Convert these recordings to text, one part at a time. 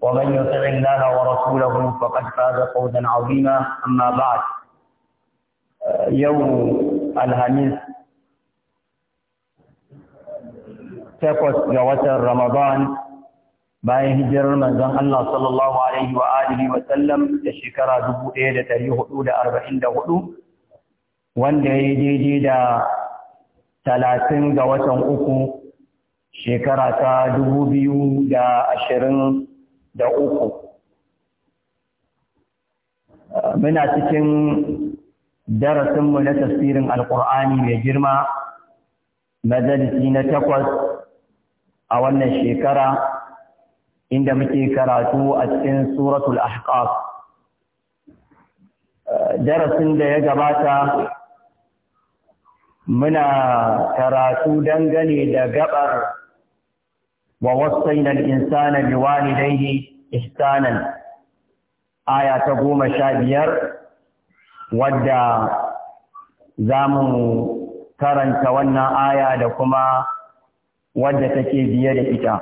ومن يطع الله ورسوله فقد فاز فوزا عظيما اما بعد يوم الخميس takwas ga watan Ramadan bayan hijirar manzon Allah sallallahu alaihi wa alihi wa sallam da shekara 1444 wanda ya daidai da talatin ga watan uku shekara ta 2023 da uku muna cikin darasinmu na tafsirin alkur'ani mai girma majalisi na takwas a wannan shekara inda muke karatu a cikin suratul ahqaf darasin da ya gabata muna karatu dangane da gabar ووصينا الإنسان بوالديه إحسانا آية تقوم شابير ودى زامن كرن تونا آية لكما ودى تكي بيد إتا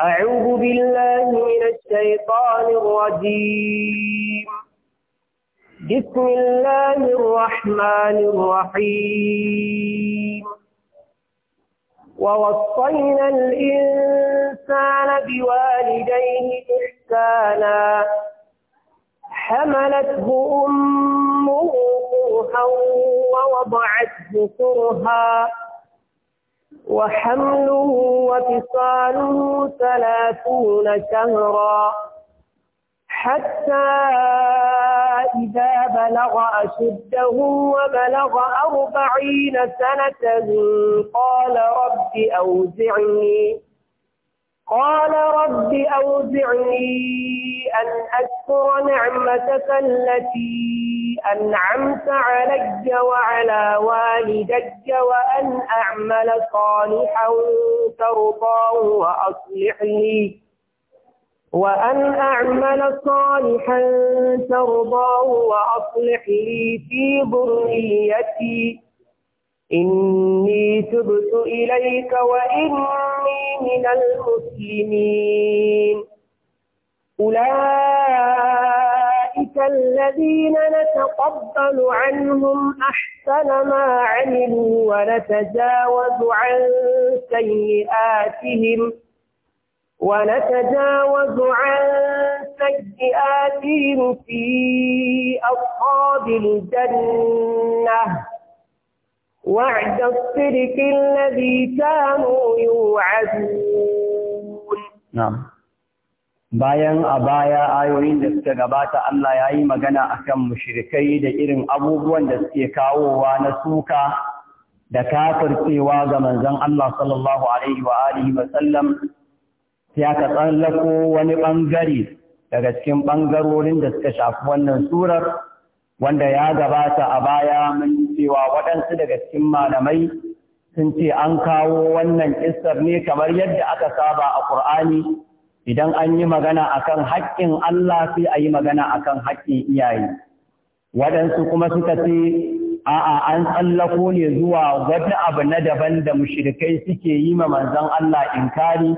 أعوذ بالله من الشيطان الرجيم بسم الله الرحمن الرحيم ووصينا الإنسان بوالديه إحسانا حملته أمه كرها ووضعته كرها وحمله وفصاله ثلاثون شهرا حتى إذا بلغ أشده وبلغ أربعين سنة قال رب أوزعني قال رب أوزعني أن أشكر نعمتك التي أنعمت علي وعلى والدي وأن أعمل صالحا ترضاه وأصلح لي وأن أعمل صالحا ترضاه وأصلح لي في ذريتي إني تبت إليك وإني من المسلمين أولئك الذين نتقبل عنهم أحسن ما عملوا ونتجاوز عن سيئاتهم ۖ ونتجاوز عن سيئاتهم في أصحاب الجنة وعد الصدق الذي كانوا يوعدون نعم bayan a baya ayoyin da suka gabata Allah ya yi magana a kan mushrikai da irin abubuwan da suke kawowa na suka da kafircewa ga manzon Allah sallallahu alaihi wa alihi wa sai aka tsallako wani ɓangare daga cikin ɓangarorin da suka shafi wannan surar wanda ya gabata a baya mun cewa waɗansu daga cikin malamai sun ce an kawo wannan kissar ne kamar yadda aka saba a Ƙur'ani idan an yi magana akan haƙƙin Allah sai a yi magana akan haƙƙin iyaye waɗansu kuma suka ce a'a an tsallako ne zuwa wani abu na daban da mushrikai suke yi ma manzon Allah inkari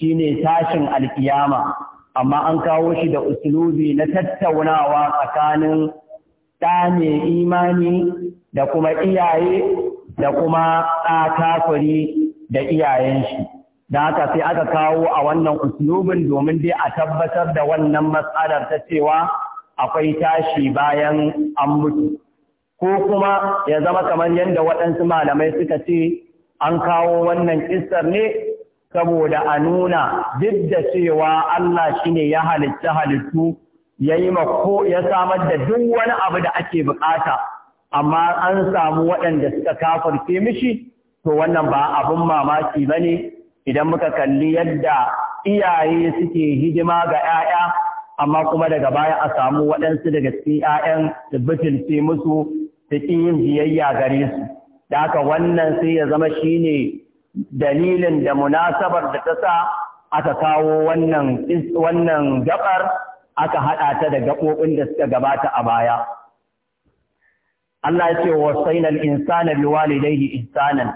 Shi ne tashin alkiyama amma an kawo shi da usulubi na tattaunawa tsakanin ɗa mai imani da kuma iyaye da kuma ɗa da iyayen shi da haka sai aka kawo a wannan usulubin domin dai a tabbatar da wannan matsalar ta cewa akwai tashi bayan an mutu ko kuma ya zama kamar yadda waɗansu malamai suka ce an kawo wannan kistar ne saboda a nuna duk da cewa Allah shi ne ya halitta halittu ya yi ko ya samar da duk wani abu da ake bukata amma an samu waɗanda suka kafarce mishi to wannan ba abin mamaki ba ne idan muka kalli yadda iyaye suke hidima ga 'ya'ya amma kuma daga baya a samu waɗansu daga cikin 'ya'yan da butulce musu da ƙin yin biyayya gare su da haka wannan sai ya zama shine dalilin da munasabar da ta sa aka kawo wannan wannan gabar aka hada ta da gabobin da suka gabata a baya Allah ya ce wasaina al-insana biwalidayhi ihsanan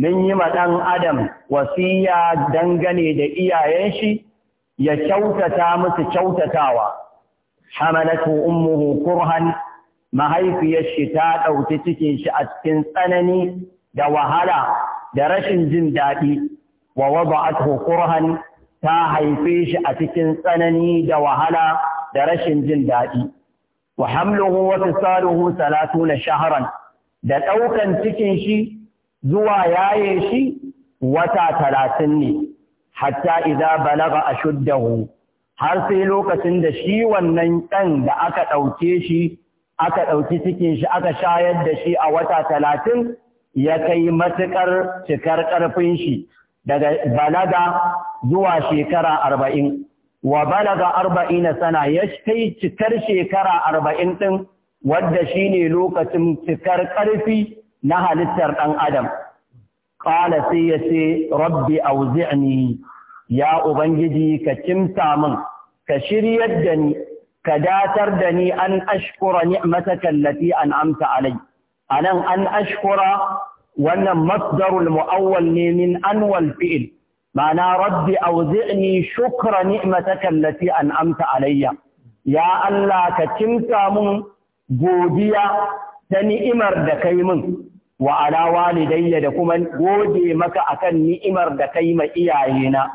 mun yi ma dan adam wasiya dangane da iyayen shi ya kyautata musu kyautatawa hamalatu ummuhu kurhan mahaifiyar shi ta ɗauki cikin shi a cikin tsanani da wahala da rashin jin daɗi wa wada'athu kurhan ta haife shi a cikin tsanani da wahala da rashin jin daɗi wa hamluhu wa fisaluhu 30 da ɗaukan cikin shi zuwa yaye shi wata talatin ne, hatta idza balaga a shuddahu, har sai lokacin da shi wannan ɗan da aka ɗauke shi, aka ɗauki cikin shi aka shayar da shi a wata talatin, ya kai matuƙar cikar ƙarfin shi daga balaga zuwa shekara arba'in wa balaga arba'ina sana ya kai cikar shekara arba'in ɗin wadda shi ne lokacin cikar ƙarfi na halittar ɗan adam ƙala sai ya ce rabbi auzi'ni ya ubangiji ka cimta min ka shiryar da ni ka datar da ni an ashkura ni'mataka allati an'amta alai. anan an ashkura wannan masdarul mu'awwal ne min anwal fi'il ma'ana rabbi awzi'ni shukra ni'mataka allati an'amta alayya ya Allah ka kimsa mun godiya ta ni'imar da kai min wa ala walidayya da kuma gode maka akan ni'imar da kai ma iyayena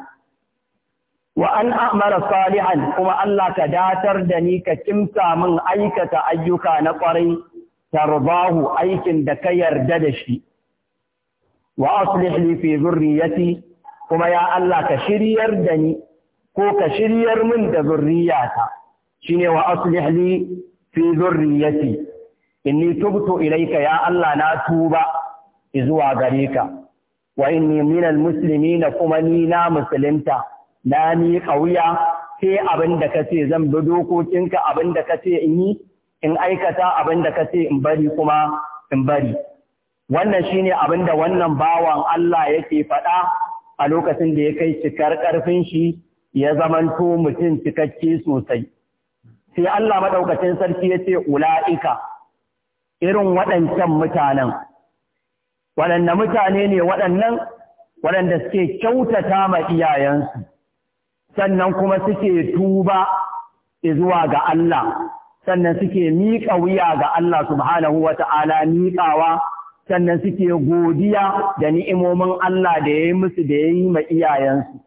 wa an a'mala salihan kuma Allah ka datar da ni ka kimsa min aikata ayyuka na ƙwarai tarbahu aikin da ka yarda da shi wa aslih li fi zurriyati kuma ya Allah ka shiryar da ni ko ka shiryar min da zurriyata shine wa aslih li fi zurriyati inni tubtu ilayka ya Allah na tuba zuwa gare ka wa inni minal muslimin kuma ni na musulunta na ni kauya sai abin da kace zan bi dokokinka abin da kace in yi in aikata abin da ka ce in bari kuma in bari wannan shine abin da wannan bawan Allah yake faɗa a lokacin da ya kai cikar ƙarfin shi ya zamanto mutum cikakke sosai sai Allah maɗaukacin sarki ya ce ula'ika irin waɗancan mutanen waɗanne mutane ne waɗannan waɗanda suke kyautata ma iyayensu sannan kuma suke tuba zuwa ga Allah sannan suke miƙa wuya ga Allah subhanahu wa ta'ala miƙawa sannan suke godiya da ni'imomin Allah da ya yi musu da ya yi ma iyayensu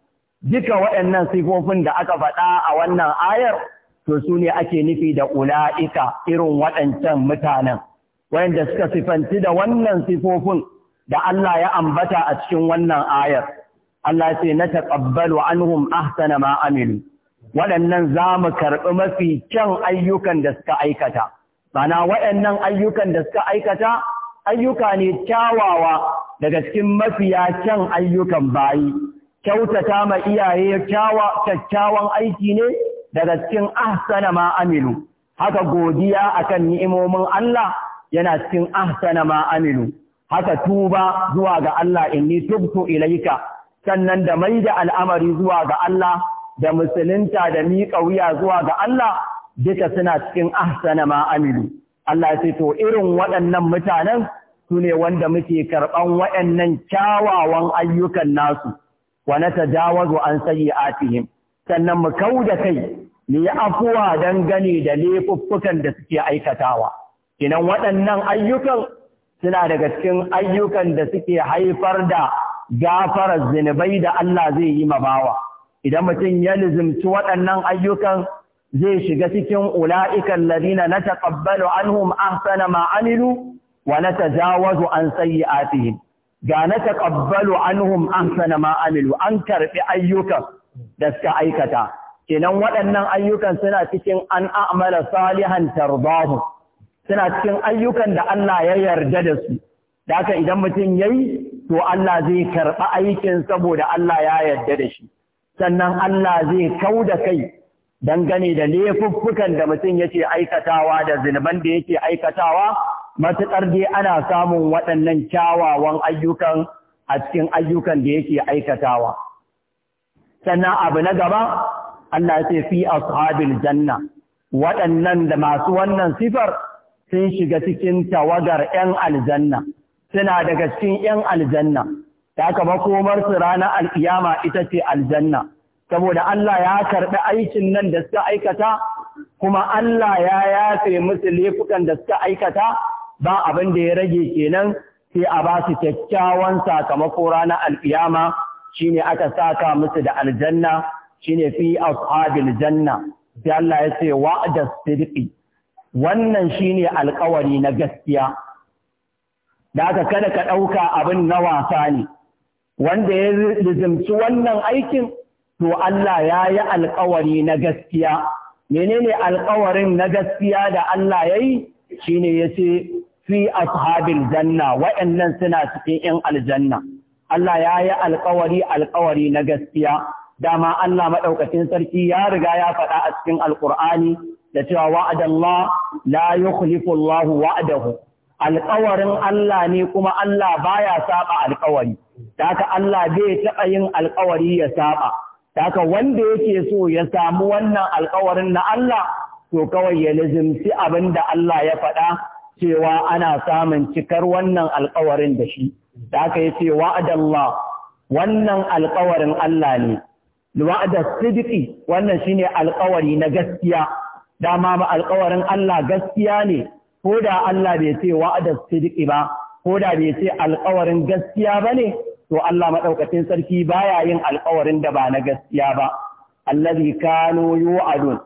duka waɗannan sifofin da aka faɗa a wannan ayar to su ne ake nufi da ula'ika irin waɗancan mutanen wayanda suka sifanci da wannan sifofin da Allah ya ambata a cikin wannan ayar Allah ce na taƙabbalu anhum ahsana ma amilu waɗannan za mu karɓi mafi kyan ayyukan da suka aikata. Mana waɗannan ayyukan da suka aikata, ayyuka ne kyawawa daga cikin mafiya kyan ayyukan bayi. Kyautata ma iyaye kyakkyawan aiki ne daga cikin ahsana ma amilu. Haka godiya akan ni'imomin Allah yana cikin ahsana ma amilu. Haka tuba zuwa ga Allah inni tubtu ilaika sannan da mai da al'amari zuwa ga Allah da musulunta da miƙa wuya zuwa ga Allah duka suna cikin ahsana ma amilu Allah ya ce to irin waɗannan mutanen su ne wanda muke karɓan waɗannan kyawawan ayyukan nasu wa na tajawazu an sayyi'atihim sannan mu kau da kai mu yi afuwa dangane da laifuffukan da suke aikatawa kinan waɗannan ayyukan suna daga cikin ayyukan da suke haifar da gafarar zinubai da Allah zai yi mabawa idan mutum ya lizimci waɗannan ayyukan zai shiga cikin ula'ikan ladina na taƙabbalu anhum ahsana ma'amilu wa na tajawazu an sayyi'atihim ga na taƙabbalu anhum ahsana ma'amilu an karɓi ayyukan da suka aikata kenan waɗannan ayyukan suna cikin an salihan Tarbahu, suna cikin ayyukan da Allah ya yarda da su da haka idan mutum yayi to Allah zai karɓi aikin saboda Allah ya yarda da shi sannan Allah zai kau da kai dangane da laifuffukan da mutum yake aikatawa da zunuban da yake aikatawa matuƙar dai ana samun waɗannan kyawawan ayyukan a cikin ayyukan da yake aikatawa sannan abu na gaba Allah ya fi ashabil janna waɗannan da masu wannan sifar sun shiga cikin tawagar 'yan aljanna suna daga cikin 'yan aljanna ta haka ranar alkiyama ita ce aljanna saboda Allah ya karɓi aikin nan da suka aikata kuma Allah ya yafe musu laifukan da suka aikata ba abin da ya rage kenan sai a ba su kyakkyawan sakamako ranar alkiyama shine aka saka musu da aljanna shine fi ashabil janna sai Allah ya ce wa'da sidqi wannan shine alƙawari na gaskiya da aka kada ka ɗauka abin na wasa ne wanda ya rizimci wannan aikin to Allah ya yi alkawari na gaskiya menene alkawarin na gaskiya da Allah ya yi Shi ne ya ce fi ashabil janna waɗannan suna cikin 'yan aljanna Allah ya yi alkawari alkawari na gaskiya dama Allah maɗaukacin sarki ya riga ya faɗa a cikin Alƙur'ani, da cewa wa'adallah la yukhlifu Allah wa'adahu alkawarin Allah ne kuma Allah baya saba alkawari ta Allah zai taɓa yin alkawari ya saba ta ka wanda yake so ya samu wannan alkawarin na Allah to kawai ya lizimci abin da Allah ya faɗa cewa ana samun cikar wannan alkawarin da shi ta ka ya ce wa'adallah wannan alkawarin Allah ne wa'ada sidiki wannan shi ne alkawari na gaskiya dama ma alkawarin Allah gaskiya ne ko da Allah bai ce wa'ada sidiki ba ko da bai ce alkawarin gaskiya ba ne, to Allah maɗaukacin sarki baya yin alkawarin da ba na gaskiya ba. Allazi kano yu'adun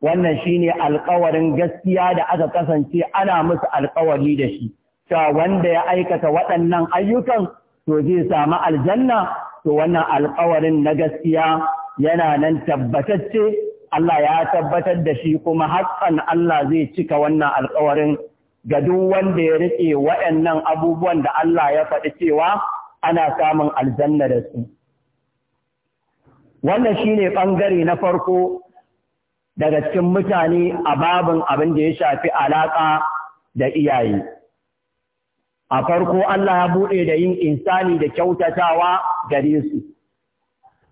wannan shine alkawarin gaskiya da aka kasance ana musu alkawari da shi. Cewa wanda ya aikata waɗannan ayyukan to zai samu aljanna to wannan alkawarin na gaskiya yana nan tabbatacce Allah ya tabbatar da shi kuma haƙƙan Allah zai cika wannan alkawarin ga duk wanda ya riƙe waɗannan abubuwan da Allah ya faɗi cewa ana samun aljanna da su. Wannan shi ne ɓangare na farko daga cikin mutane a babin abin da ya shafi alaƙa da iyaye. A farko Allah ya buɗe da yin insani da kyautatawa gare su.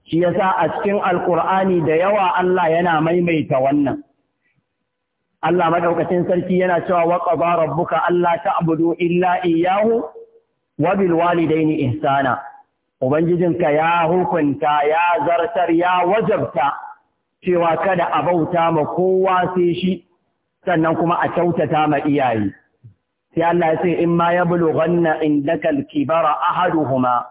Shi yasa a cikin Alƙur'ani da yawa Allah yana maimaita wannan. Allah madaukakin sarki yana cewa wa qada rabbuka alla ta'budu illa iyyahu wa bil walidayni ihsana ubangijinka ya hukunta ya zartar ya wajabta cewa kada a bauta ma kowa sai shi sannan kuma a kyautata ma iyaye sai Allah ya ce in ma yablughanna indaka al-kibara ahaduhuma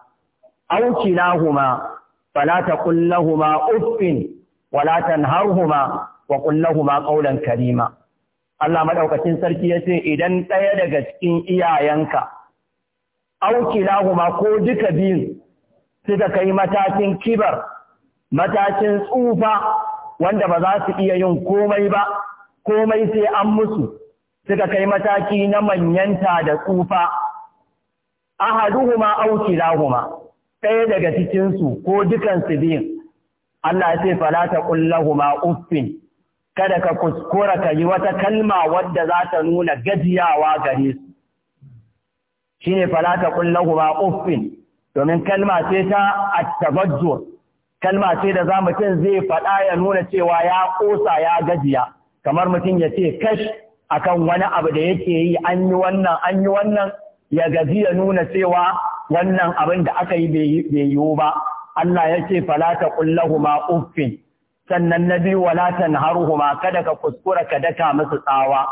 aw kilahuma fala taqul lahumu uffin wala tanharhuma wa qul lahumu qawlan karima Allah maɗaukacin sarki ya ce idan ɗaya daga cikin iyayenka, aukilahuma ko duka biyun suka kai matakin kibar, matakin tsufa wanda ba za su iya yin komai ba, komai sai an musu, suka kai mataki na manyanta da tsufa. Ahaduhuma aukilahuma, ɗaya daga cikinsu ko dukansu biyun, Allah ya ce falata ƙullahuma uffin. kada ka kuskura ka yi wata kalma wadda za ta nuna gajiyawa gare su shi ne falata kullahu ba uffin domin kalma ce ta attabajjur kalma ce da za mutum zai faɗa ya nuna cewa ya ƙosa ya gajiya kamar mutum ya ce kash akan wani abu da yake yi an yi wannan an yi wannan ya gaji ya nuna cewa wannan abin da aka yi bai yiwu ba Allah ya ce falata kullahu ma uffin sannan na biyu wala tanharuhuma kada ka kuskura ka daka musu tsawa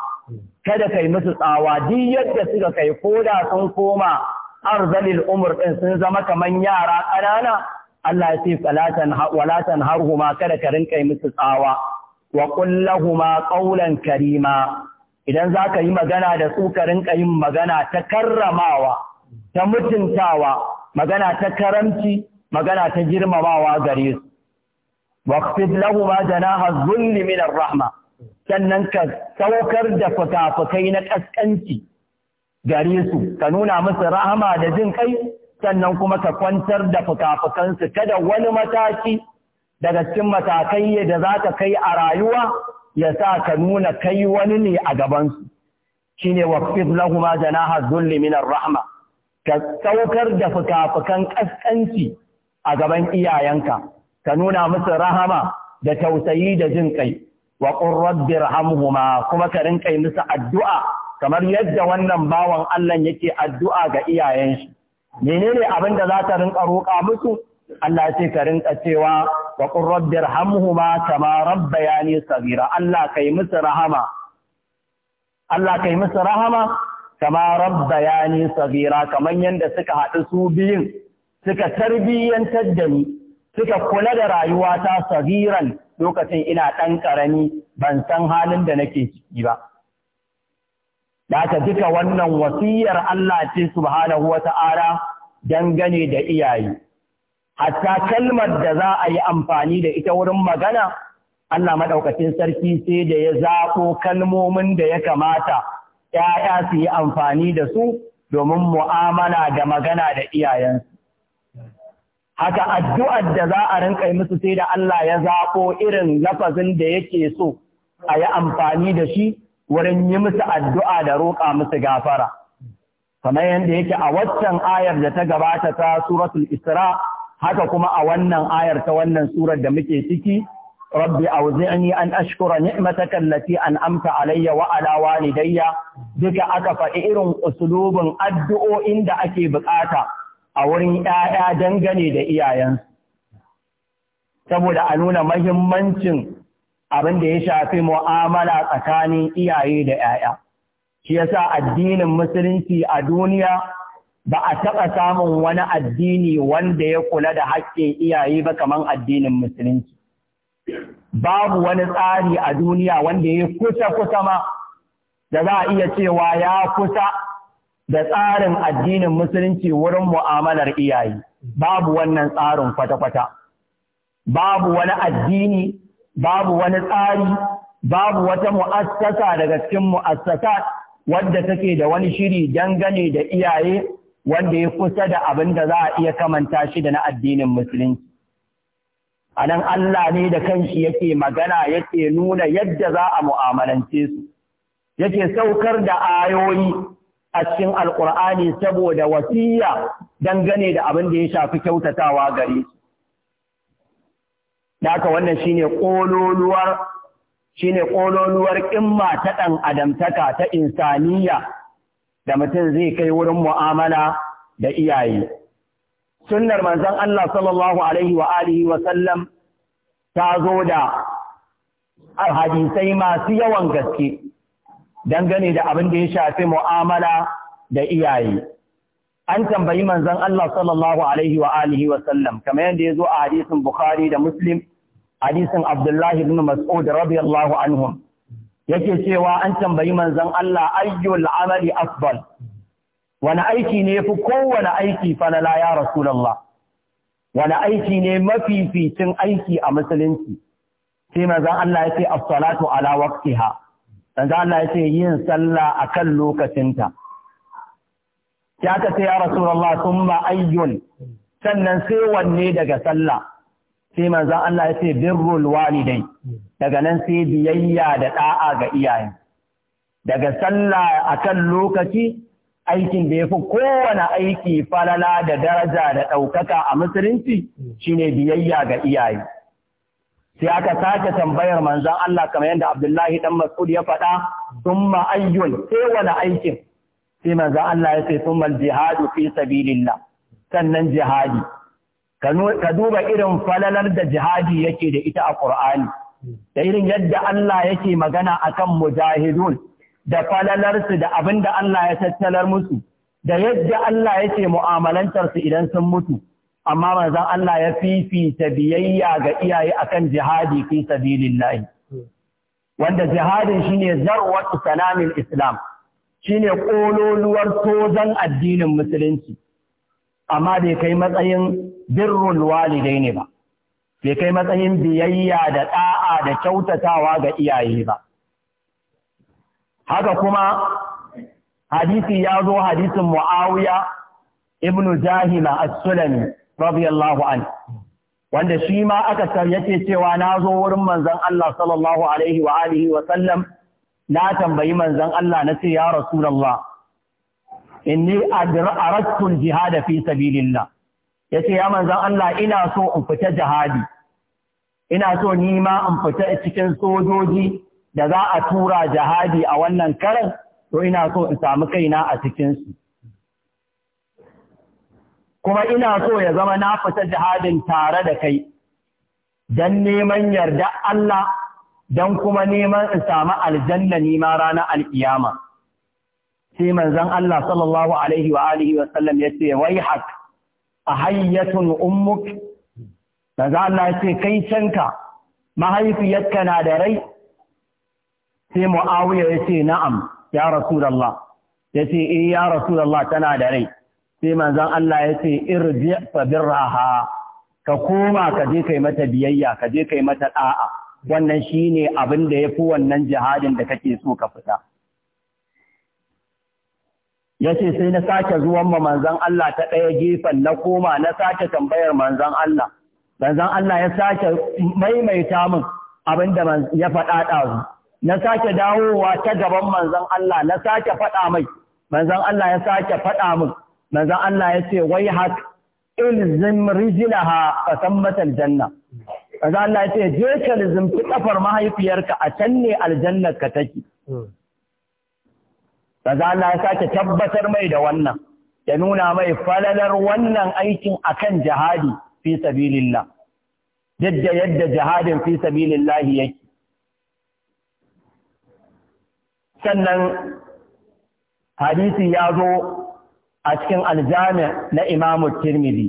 kada kai musu tsawa duk yadda suka kai koda sun koma arzalil umur din sun zama kaman yara ƙanana Allah ya ce falatan wala tanharuhuma kada ka rinka musu tsawa wa qul lahumu qawlan karima idan zaka yi magana da su ka rinka yin magana ta karramawa ta mutuntawa magana ta karamci magana ta girmamawa gare su waqfid lahu ma janaha zulli min rahma sannan ka saukar da fatafakai na kaskanci gare su ka nuna musu rahama da jin kai sannan kuma ka kwantar da fikafikansu kada wani mataki daga cikin matakai da za ka kai a rayuwa ya sa ka nuna kai wani ne a gabansu shine waqfid lahu ma janaha zulli min rahma ka saukar da fatafakan kaskanci a gaban iyayenka ka nuna musu rahama da tausayi da jin kai wa qur hamhuma kuma ka rinka musu addu'a kamar yadda wannan bawan Allah yake addu'a ga iyayen shi menene abin da za ta rinka roƙa musu Allah ce ka rinka cewa wa qur hamhuma kama rabbayani Sabira. Allah kai musu rahama Allah kai musu rahama kama rabbayani Sabira kamar yadda suka haɗu su biyun suka tarbiyyantar da ni suka kula da rayuwata sabiran lokacin ina ɗan ƙarami ban san halin da nake ciki ba. Da duka wannan wasiyar Allah ce subhanahu wa ta'ala dangane da iyaye. Hatta kalmar da za a yi amfani da ita wurin magana, Allah maɗaukacin sarki sai da ya zaɓo kalmomin da ya kamata ‘ya'ya su yi amfani da su domin mu'amala da magana da iyayensu. haka addu'ar da za a rinka yi musu sai da Allah ya zaɓo irin lafazin da yake so a yi amfani da shi wurin yi musu addu'a da roƙa musu gafara. Kamar yadda yake a waccan ayar da ta gabata ta suratul Isra, haka kuma a wannan ayar ta wannan surar da muke ciki, Rabbi auzi'ni an ashkura ni'mataka allati an'amta alayya wa ala walidayya duka aka faɗi irin usulubin addu'o'in da ake buƙata a wurin ‘ya'ya dangane da iyayensu, saboda a nuna mahimmancin abin da ya shafi mu'amala tsakanin iyaye da ‘ya'ya. Shi yasa addinin Musulunci a duniya ba a taɓa samun wani addini wanda ya kula da haƙƙin iyaye ba kamar addinin Musulunci. Babu wani tsari a duniya wanda ya kusa kusa ma da za a iya cewa ya kusa da tsarin addinin musulunci wurin mu'amalar iyaye babu wannan tsarin kwata-kwata babu wani addini babu wani tsari babu wata mu'assasa daga cikin mu'assasa wanda take da wani shiri dangane da iyaye wanda ya kusa da abin da za a iya kamanta shi da na addinin musulunci a nan Allah ne da kanshi yake magana yake nuna yadda za a mu'amalance su yake saukar da ayoyi a cikin Alƙur'ani saboda wasiya dangane da abin da ya shafi kyautatawa gare su da wannan ƙololuwar shi shine ƙololuwar ƙimma ta ɗan adamtaka ta insaniya da mutum zai kai wurin mu'amala da iyaye sunnar manzon Allah sallallahu alaihi wa alihi wa sallam ta zo da hadisai masu yawan gaske dangane da abin da ya shafi mu'amala da iyaye an tambayi manzon Allah sallallahu alaihi wa alihi zo kamar yadda a hadisin Bukhari da Muslim hadisin Abdullah ibn Mas'ud radiyallahu anhum yake cewa an tambayi manzon Allah ayyul amali afdal wani aiki ne yafi kowane aiki falala ya rasulullah wani aiki ne mafificin aiki a musulunci sai manzon Allah ya as-salatu ala waqtiha Yanzu Allah ya ce yin sallah a kan lokacinta. Ya ka ce ya Rasulallah sun ayyun sannan sai wanne daga sallah. Sai manzo Allah ya ce birrul walidai daga nan sai biyayya da ɗa'a ga iyaye. Daga sallah a kan lokaci aikin da ya fi kowane aiki falala da daraja da ɗaukaka a musulunci shine biyayya ga iyaye. sai aka sake tambayar manzon Allah kamar yadda Abdullahi dan Mas'ud ya faɗa summa ayyun sai wani aikin sai manzan Allah ya ce summa jihadu fi sabilillah sannan jihadi ka duba irin falalar da jihadi yake da ita a Qur'ani da irin yadda Allah yake magana akan mujahidun da su da abin da Allah ya tattalar musu da yadda Allah yake mu'amalantar su idan sun mutu amma manzon Allah ya fifita biyayya ga iyaye akan jihadi fi sabilillahi wanda jihadin shine zarwatu salamin islam shine kololuwar tozan addinin musulunci amma bai kai matsayin birrul ne ba bai kai matsayin biyayya da da'a da kyautatawa ga iyaye ba haka kuma hadisi ya zo hadisin muawiya ibnu jahila as-sulami radiyallahu an wanda shi ma aka san yake cewa na zo wurin manzon Allah sallallahu alaihi wa alihi wa sallam na tambayi manzon Allah na ce ya rasulullah inni aradtu al-jihad fi sabilillah yace ya manzon Allah ina so in fita jihadi ina so ni ma in fita cikin sojoji da za a tura jihadi a wannan karan to ina so in samu kaina a cikin su kuma ina so ya zama na fita jihadin tare da kai don neman yarda Allah don kuma neman in samu aljanna nima ranar al'iyama. Sai manzan Allah sallallahu Alaihi wa Alihi ya ce, Wai haƙ, a hayyatun ummuk, manzan Allah ya ce, Kai canka, mahaifiyarka na da rai? Sai Mu'awiyar ya ce, Na'am, ya Allah. ya ce, Eh, ya Allah tana da rai. sai manzon Allah ya ce irji fa birraha ka koma ka je kai mata biyayya ka je kai mata da'a wannan shine abin da yafi wannan jihadin da kake so ka fita yace sai na sake zuwan ma manzon Allah ta ɗaya gefen na koma na sake tambayar manzon Allah manzon Allah ya sake maimaita min abin da ya faɗa ɗazu na sake dawowa ta gaban manzon Allah na sake faɗa mai manzon Allah ya sake faɗa min manzon Allah ya ce wai hak ilzim rijlaha fa tammat aljanna manzon Allah ya ce je ka lizimci kafar mahaifiyarka a can ne aljannar ka take hmm. manzon Allah ya sake tabbatar mai da wannan ya nuna mai falalar wannan aikin akan jihadi fi sabilillah yadda yadda jihadin fi sabilillah yake sannan hadisi ya zo a cikin aljami na imamu tirmidhi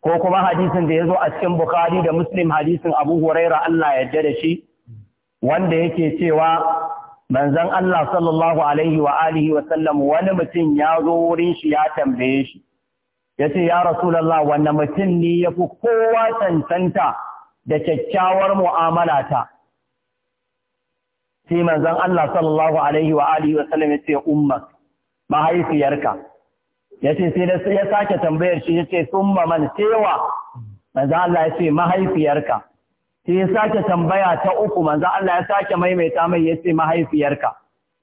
ko kuma hadisin da ya zo a cikin bukhari da muslim hadisin abu huraira Allah yarda da shi wanda yake cewa manzan Allah sallallahu alaihi wa alihi wa sallam wani mutum ya zo wurin shi ya tambaye shi ya ce ya Allah, wanda mutum ne ya fi kowa tantanta da kyakkyawar mu'amala ta sai manzan Allah sallallahu alaihi wa alihi wa sallam yace ummak mahaifiyarka ya ce sai ya sake tambayar shi ya ce sun maman cewa manzo Allah ya ce mahaifiyarka sai ya sake tambaya ta uku manzo Allah ya sake maimaita mai ya ce mahaifiyarka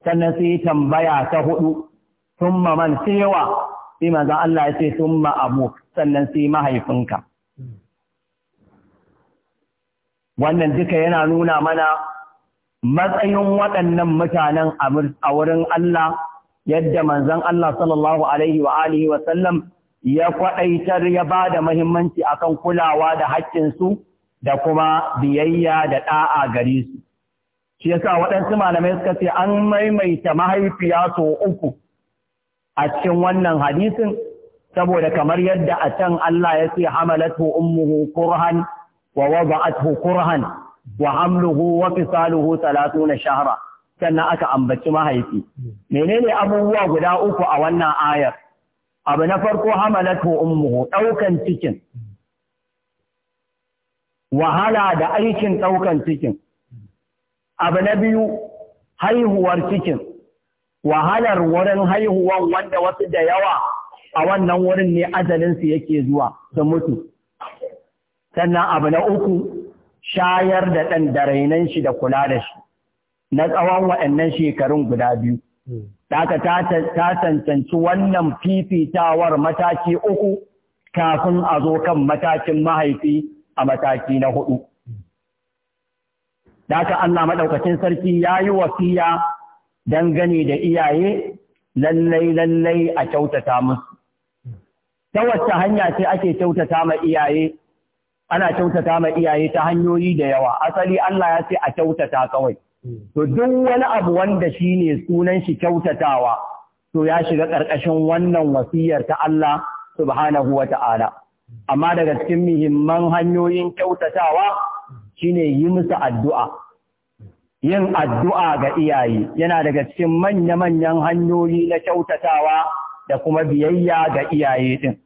sannan sai ya tambaya ta hudu sun maman cewa sai manzo Allah ya ce sun abu sannan sai mahaifinka wannan duka yana nuna mana matsayin waɗannan mutanen a wurin Allah yadda manzon Allah sallallahu alaihi wa alihi wa sallam ya kwadaitar ya da muhimmanci akan kulawa da haƙƙinsu su da kuma biyayya da ɗa'a gare su shi yasa waɗansu malamai suka ce an maimaita mahaifiya uku a cikin wannan hadisin saboda kamar yadda a can Allah ya ce hamalatu ummuhu kurhan wa wada'athu kurhan wa hamluhu wa fisaluhu 30 shahra sannan aka ambaci mahaifi menene abubuwa guda uku a wannan ayar abu na farko hamalatu ummuhu ɗaukan cikin wahala da aikin ɗaukan cikin abu na biyu haihuwar cikin wahalar wurin haihuwan wanda wasu da yawa a wannan wurin ne azalinsu yake zuwa su mutu sannan abu na uku shayar da ɗan da rainan shi da kula da shi na tsawon waɗannan shekarun guda biyu. Hmm. Daka ta cancanci wannan fifitawar mataki uku kafin a zo kan matakin mahaifi a mataki na hudu. Hmm. Daka Allah maɗaukacin sarki ya yi wasiya dangane da iyaye lallai lallai a kyautata musu. Hmm. Ta wacce hanya ce ake kyautata ma iyaye? Ana kyautata ma iyaye ta hanyoyi da yawa. Asali Allah ya ce a kyautata kawai. To duk wani abu wanda shi ne sunan shi kyautatawa, to ya shiga ƙarƙashin wannan wasiyar ta Allah subhanahu wa ta'ala. Amma daga cikin muhimman hanyoyin kyautatawa shi ne yi musu addu'a. Yin addu'a ga iyaye yana daga cikin manya-manyan hanyoyi na kyautatawa da kuma biyayya ga iyaye ɗin.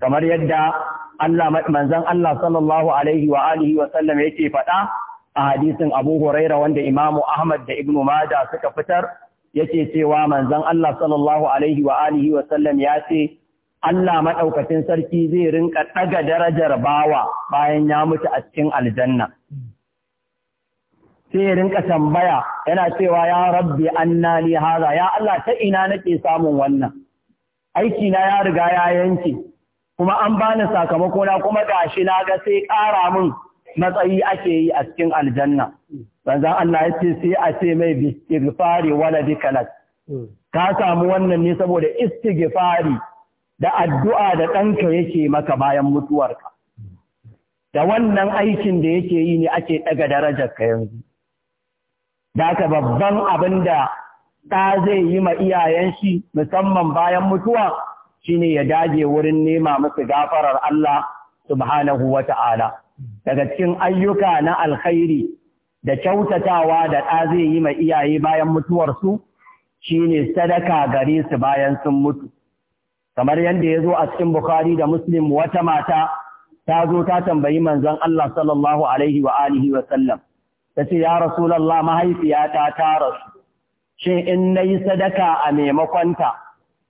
Kamar yadda Allah manzan Allah sallallahu Alaihi wa alihi wa sallam yake faɗa a hadisin Abu Huraira wanda Imamu Ahmad da Ibn Majah suka fitar yake cewa manzon Allah sallallahu alaihi wa alihi wa sallam ya ce Allah madaukakin sarki zai rinka daga darajar bawa bayan ya mutu a cikin aljanna sai ya rinka tambaya yana cewa ya rabbi anna li haza, ya Allah ta ina nake samun wannan aiki na ya riga ya yanke kuma an bani sakamako na kuma gashi na ga sai ƙara min matsayi ake yi a cikin aljanna manzan Allah ya ce sai a ce mai istighfari wala lak hmm. ka samu wannan ne saboda istighfari da addu'a da ɗanka yake maka bayan mutuwarka da wannan aikin da yake yi ne ake ɗaga darajar ka yanzu da aka babban abin da ɗa zai yi ma iyayen shi musamman bayan mutuwa shine ya dage wurin nema musu gafarar Allah subhanahu wa ta'ala daga cikin ayyuka na alkhairi da kyautatawa da ɗa zai yi mai iyaye bayan mutuwarsu shi ne sadaka gare su bayan sun mutu kamar yadda ya zo a cikin Bukhari da Muslim wata mata ta zo ta tambayi manzon Allah sallallahu alaihi wa alihi wa sallam ta ce ya rasulallah mahaifiyata ta rasu shin in nayi sadaka a maimakonta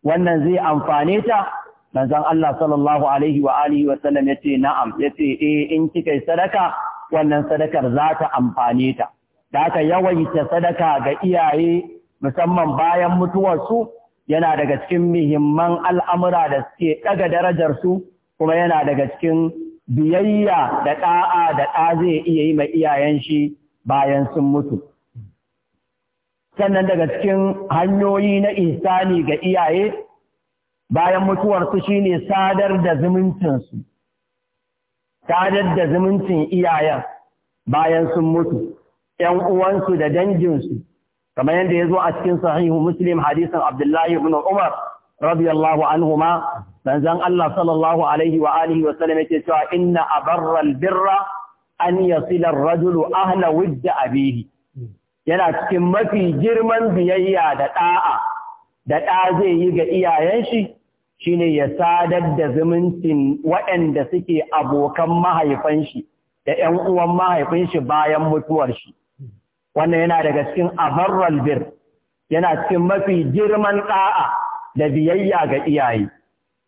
wannan zai amfane ta manzon Allah sallallahu alaihi wa alihi wa sallam yace na'am yace eh in kika yi sadaka wannan sadakar za ta amfane ta da aka yawaita sadaka ga iyaye musamman bayan mutuwar su yana daga cikin muhimman al'amura da suke daga su kuma yana daga cikin biyayya da ɗa'a da ɗa zai iya yi mai iyayen shi bayan sun mutu. Sannan daga cikin hanyoyi na isani ga iyaye bayan mutuwarsu shine sadar da zumuncinsu sadar da zumuncin iyayen bayan sun mutu ‘yan uwansu da danginsu kamar yadda ya zo a cikin sahihu muslim hadisin abdullahi ibn umar radiyallahu anhuma manzon Allah sallallahu alaihi wa alihi wa sallam yake cewa inna barral birra an yasila rajulu ahla a abihi yana cikin mafi girman biyayya da ɗa'a da ɗa zai yi ga iyayen shi shine ya sadar da zumuncin waɗanda suke abokan mahaifan shi da ‘yan uwan mahaifin shi bayan mutuwar shi. Wannan yana daga cikin abarral bir, yana cikin mafi girman ɗa'a da biyayya ga iyaye,